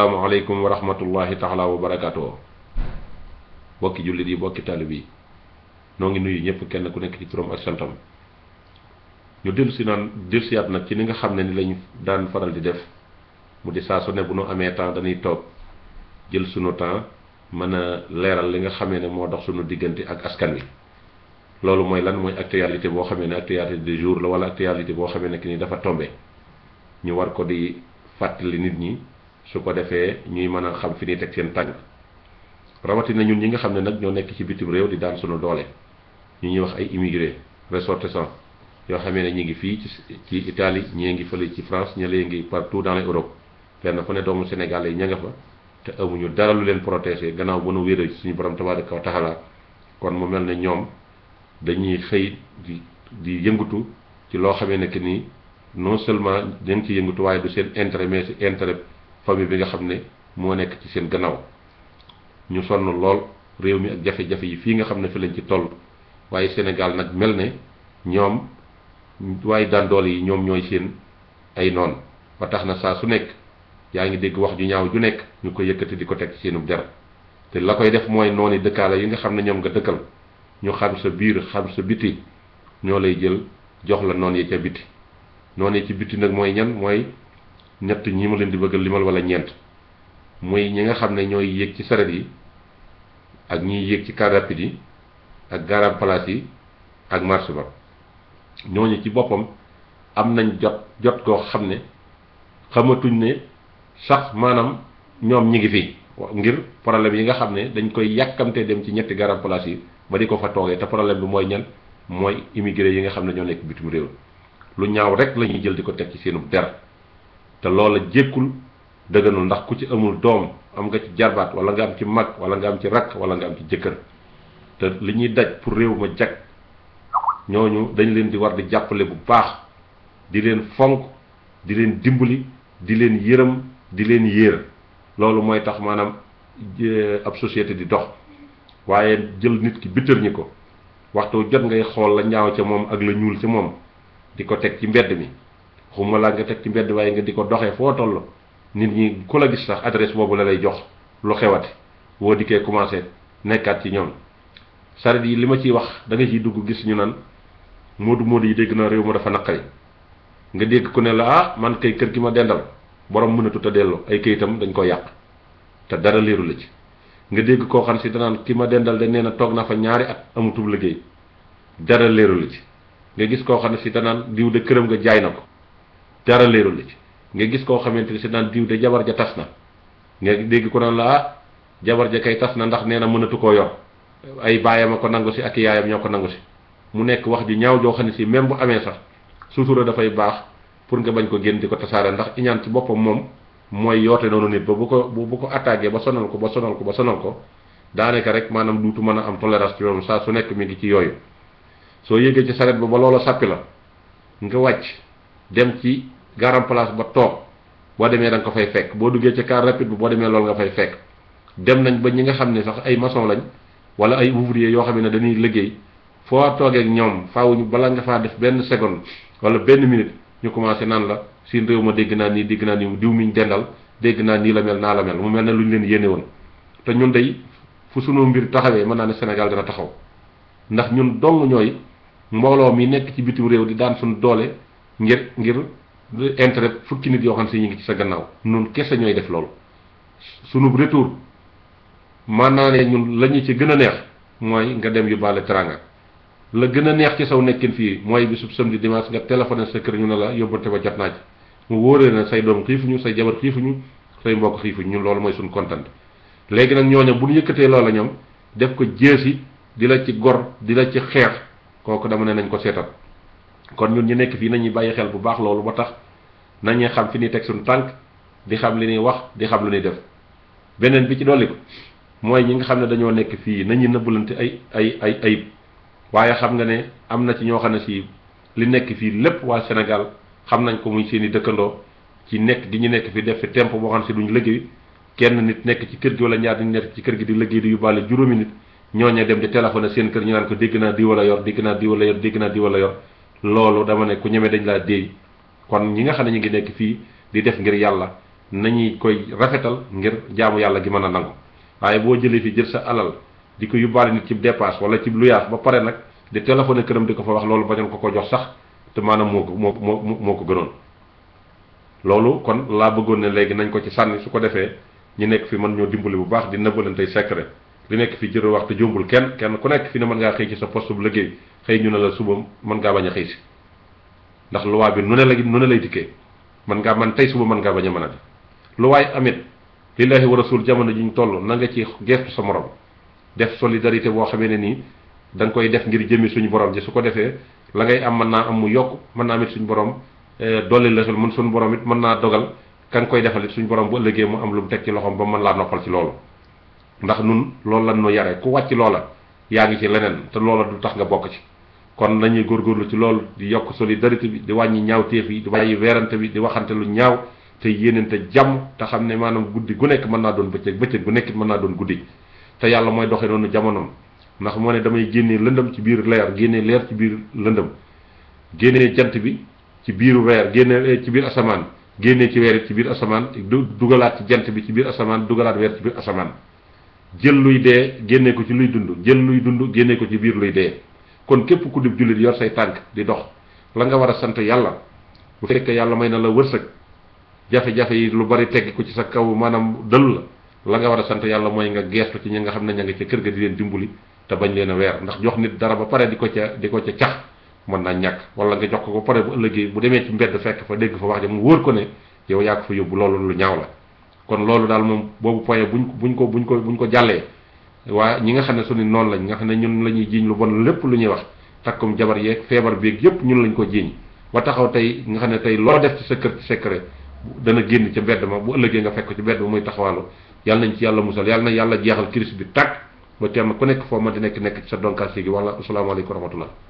asalaamaaleykum wa rahmatullahi taala wa barakaatu bokki jullit yi bokki taalib yi noo ngi nuyu ñëpp kenn ku nekk ci trom ak santam ñu dellu si naan dellu siyaat nag ci li nga xam ne ni lañu daan faral di def mu di saa su ne bu nu amee temps dañuy toog jël sunu temps mën a leeral li nga xamee ne moo dox sunu diggante ak askan wi loolu mooy lan mooy actualité boo xamee ne actualité du jour la wala actualité boo xamee nekk ki ni dafa tombé ñu war ko di fàttali nit ñi su ko defee ñuy mën a xam fi ñuy teg seen tànk rawatina ñun ñi nga xam ne nag ñoo nekk ci bitim réew di daan sunu doole ñu ñuy wax ay immigré ressortissants yoo xamee ne ñu ngi fii ci Italie ñii ngi fële ci France ñëlee ngi partout dans l'Europe fenn fu ne doomu Sénégal yi ña nga fa te amuñu dara lu leen protéger gannaaw bu nu ci suñu borom tabaaraka wa taala kon mu mel ne ñoom dañuy xëy di di yëngatu ci loo xamee ne que ni non seulement dañ ci yëngatu waaye du seen intérêt mais si intérêt. famille bi nga xam ne moo nekk ci seen gannaaw ñu sonn lool réew mi ak jafe-jafe yi fii nga xam ne fi lañ ci toll waaye Sénégal nag mel ne ñoom waaye daan doole yi ñoom ñooy seen ay noon ba tax na saa su nekk yaa ngi dégg wax ju ñaaw ju nekk ñu ko yëkkati di ko teg seenub der te la koy def mooy nooni dëkkaale yi nga xam ne ñoom nga dëkkal ñu xam sa biir xam sa biti ñoo lay jël jox la noon yi ca biti noon yi ci biti nag mooy ñan mooy ñett ñi ma leen di bëgg limal walla ñeent muy ñi nga xam ne ñooy yéeg ci saret yi ak ñiy yéeg ci car rapide yi ak garam place yi ak marché ba ñooñu ci boppam am nañ jot jot koo xam ne xamatuñ ne sax maanaam ñoom ñi ngi fii ngir problème yi nga xam ne dañ koy yàkkamtee dem ci ñetti garab place yi ba di ko fa toogee te problème bi mooy ñan mooy immigré yi nga xam ne ñoo nekk bitim réew lu ñaaw rek lañuy jël di ko teg ci seenu der te loola jékkul dëgganul ndax ku ci amul doom am nga ci jarbaat wala nga am ci mag wala nga am ci rakk wala nga am ci jëkkër te li ñuy daj pour réew ma jag ñooñu dañ leen di war di jàppale bu baax di leen fonk di leen dimbali di leen yërëm di leen yéer loolu mooy tax maanaam ab société di dox waaye jël nit ki bittër ko waxtoo jot ngay xool la ñaaw ca moom ak la ñuul ca moom di ko teg ci mbedd mi xuma laa nga teg ci mbedd waaye nga di ko doxee foo toll nit ñi ku la gis sax adresse boobu la lay jox lu xewati boo dikkee commencé nekkaat ci ñoom saret yi li ma ciy wax da nga ciy dugg gis ñu nan moodu moodu yi dégg na réew ma dafa naqari nga dégg ko ne la ah man kay kër ki ma dendal borom mënatu a delloo ay këyitam dañ ko yàq te dara leeru la ci nga dégg koo xam si danaan ki ma dendal de nee na toog na fa ñaari at amutul liggéey dara leeru ci nga gis koo xam ne si danaan diw de këram nga jaay na ko dara leerul la ci nga gis koo xamante ni si naan diw de jabar ja tas na nga dégg ko naan la ah jabar kay tas na ndax nee na mënatu koo yor ay baayam a ko nangu si ak yaayam ñoo ko nangu si mu nekk wax ju ñaaw joo xam ne si même bu amee sax sutura dafay baax pour nga bañ ko génn di ko tasaare ndax iñaan ci boppam moom mooy yoote noonu nit ba bu ko bu ko attaqué ba sonal ko ba sonal ko ba sonal ko daanaka rek maanaam duutu mën a am tolérance ci loolu saa su nekk mu ngi ci yooyu soo yéegee ci saret ba ba loola sàppi la nga wàcc dem ci garam place ba toog boo demee da ko fay fekk boo duggee ci car rapide bi boo demee loolu nga fay fekk dem nañ ba ñi nga xam ne sax ay maçon lañ wala ay ouvrier yoo xam ne dañuy liggéey foo toogee ñoom faaw ñu balaa nga faa def benn seconde wala benn minute ñu commencé naan la siin réew ma dégg naa nii dégg naa nii diw mi ñu dendal dégg naa nii la mel naa la mel mu mel ne lu ñu leen yéene woon te ñun day fu sunu mbir taxawee mën naa ne Sénégal dina taxaw ndax ñun dong ñooy mbooloo mi nekk ci bitim réew di daan suñu doole ngir ngir intérêt fukki nit yoo xam si ñu ngi ci sa gannaaw noonu kese ñooy def loolu sunu retour naa ne ñu la ñu ci gën a neex mooy nga dem yu yóbbaale teranga la gën a neex ci saw nekkin fii mooy bisub di dimanche nga téléphoné sa kër ñu ne la yóbbante ba jot naa ci mu wóoree na say doom xiifuñu say jabar ñu say mbokk xiifuñu ñu loolu mooy suñu kontaan léegi nag ñooñu bu ñu yëkkatee loola ñoom def ko jéesi di la ci gor di la ci xeex kooku dama ne ko seetal kon ñun ñu nekk fii nañuy bàyyi xel bu baax loolu ba tax nañuy xam fi ñuy teg suñu tànk di xam li ñuy wax di xam lu ñuy def beneen bi ci dolli ko mooy ñi nga xam ne dañoo nekk fii nañuy nëbbalante ay ay ay ayib waaye xam nga ne am na ci ñoo xam ne si li nekk fii lépp waa Sénégal xam nañ ko muy seen i dëkkandoo ci nekk gi ñu nekk fi def fi temp boo xam si duñu liggéey kenn nit nekk ci kër gi wala ñaar nit nekk ci kër gi di liggéey di yóbbaale juróomi nit ñooñu dem di téléphoné seen kër ñu naan ko dégg naa di wala yor dégg naa di wala dégg naa di wala yor loolu dama ne ku ñeme dañu laa déey kon ñi nga xam ne ñu ngi nekk fii di def ngir yàlla na nañuy koy rafetal ngir jaamu yàlla gi mën a nangu waaye boo jëlee fi jël sa alal di ko yóbbaale nit ci dépasse wala ci luyaas ba pare nag di téléphoné këram di ko fa wax loolu bañoon ko ko jox sax te maanaam moo ko moo moo moo ko gënoon. loolu kon laa bëggoon ne léegi nañ ko ci sànni su ko defee ñu nekk fi mën ñoo dimbali bu baax di nëbbalante secret. li nekk fi fii ci waxtu jombul kenn kenn ku nekk fi ne mën ngaa xëy ci sa poste bu liggéey xëy ñu ne la suba mën ngaa bañ a xëy si ndax luwaa bi nu ne la nu ne lay dikkee mën ngaa man tey suba mën ngaa bañ a mën a li luwaay amit war a suul jamono ji ñu toll na nga ci geestu sa morom def solidarité boo xamee ne nii da koy def ngir jëmi suñu borom ji su ko defee la ngay am mën naa am mu yokk mën naa amit suñu borom eh, dolli la mën suñu borom mën naa dogal ka nga koy defal it suñu borom bu ëllëgee mu am lu mu ci loxoom ba mën laa noppal ci loolu ndax nun loolu lan nu yare ku wàcc loola yaa ngi ci leneen te loola du tax nga bokk ci kon nañuy góorgóorlu ci loolu di yokk solidarité bi di wàññi ñaaw téef yi di wàññi weerante bi di waxante lu ñaaw te te jàmm te xam ne maanaam guddi gu nekk mën naa doon bëccëg bëccëg gu nekk mën naa doon guddi te yàlla mooy doxee noonu jamonoom ndax moo ne damay génnee lëndëm ci biir leer génnee leer ci biir lëndëm génnee jant bi ci biiru weer génne eh, ci biir asamaan génnee ci weer ci biir asamaan dugalaat ci jant bi ci biir asamaan dugalaat weer ci asamaan jël luy dee génne ko ci luy dund jël luy dund génne ko ci biir luy dee kon képp ku dib jullit yor say tànk di dox la nga war a sant yàlla bu fekkee yàlla may na la wërsëg jafe-jafe yi lu bari tegg ko ci sa kaw maanaam dëll la la nga war a sant yàlla mooy nga geestu ci ñi nga xam ne ña nga ca kër ga di leen dimbali te bañ leen a ndax jox nit dara ba pare di ko ca di ko ca cax mën naa ñàkk wala nga jox ko ba pare bu ëllëgee bu demee ci mbedd fekk fa dégg fa wax ja mu wóor ko ne yow yaa ko fa yóbbu loolu lu ñaaw la kon loolu daal moom boobu poye buñ buñ ko buñ ko buñ ko jàllee waa ñi nga xam ne suñu noonu lañ nga xam ne ñun la ñuy jiiñ lu bon lépp lu ñuy wax takkum jabar yeeg feebar beeg yépp ñun lañ ko jiiñ ba taxaw tey nga xam ne tey loo def ci sa kër ci secret dana génn ci mbedd ma bu ëllëgee nga fekk ci mbedd ma muy taxawaalu yàlla nañ ci yàlla musal yàlla na yàlla jeexal crise bi tàkk ba teem ku nekk foo ma di nekk nekk ci sa donkaas gi wala asalaamaaleykum